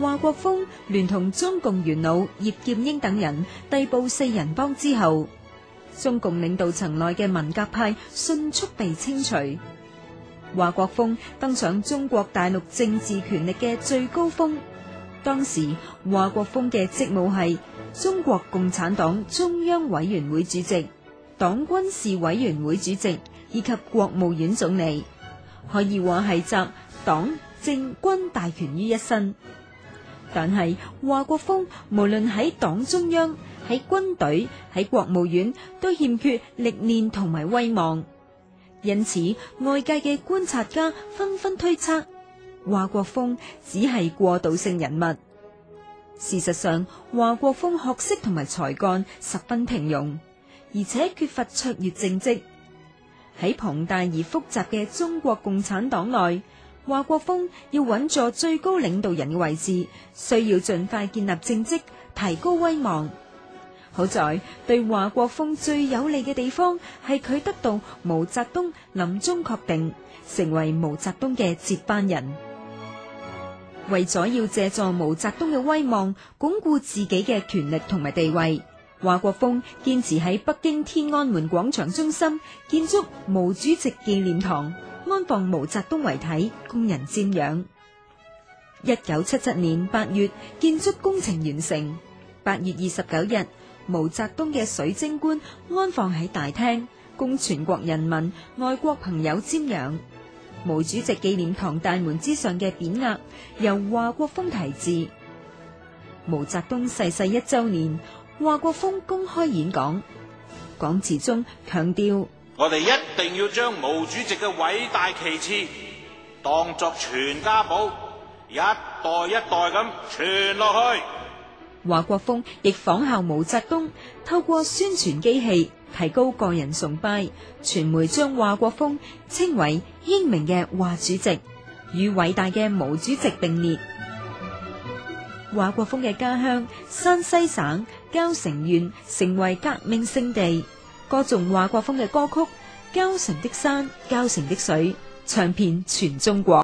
華國鋒連同中共元老葉劍英等人逮捕四人幫之後，中共領導層內嘅文革派迅速被清除。華國鋒登上中國大陸政治權力嘅最高峰。當時，華國鋒嘅職務係中國共產黨中央委員會主席、黨軍事委員會主席。以及國務院總理，可以話係集黨政軍大權於一身。但係華國鋒無論喺黨中央、喺軍隊、喺國務院，都欠缺歷練同埋威望。因此，外界嘅觀察家紛紛推測，華國鋒只係過渡性人物。事實上，華國鋒學識同埋才幹十分平庸，而且缺乏卓越政績。喺龐大而複雜嘅中國共產黨內，華國鋒要穩坐最高領導人嘅位置，需要盡快建立政績，提高威望。好在對華國鋒最有利嘅地方係佢得到毛澤東臨終確定，成為毛澤東嘅接班人。為咗要借助毛澤東嘅威望，鞏固自己嘅權力同埋地位。華國鋒堅持喺北京天安門廣場中心建築毛主席紀念堂，安放毛澤東遺體，供人瞻仰。一九七七年八月，建築工程完成。八月二十九日，毛澤東嘅水晶棺安放喺大廳，供全國人民、外國朋友瞻仰。毛主席紀念堂大門之上嘅匾額由華國鋒題字：毛澤東逝世，世一周年。華國鋒公開演講，講詞中強調：我哋一定要將毛主席嘅偉大旗幟當作傳家寶，一代一代咁傳落去。華國鋒亦仿效毛澤東，透過宣傳機器提高個人崇拜。傳媒將華國鋒稱為英明嘅華主席，與偉大嘅毛主席並列。華國鋒嘅家鄉山西省交城縣成為革命聖地，各種華國鋒嘅歌曲《交城的山》《交城的水》唱遍全中國。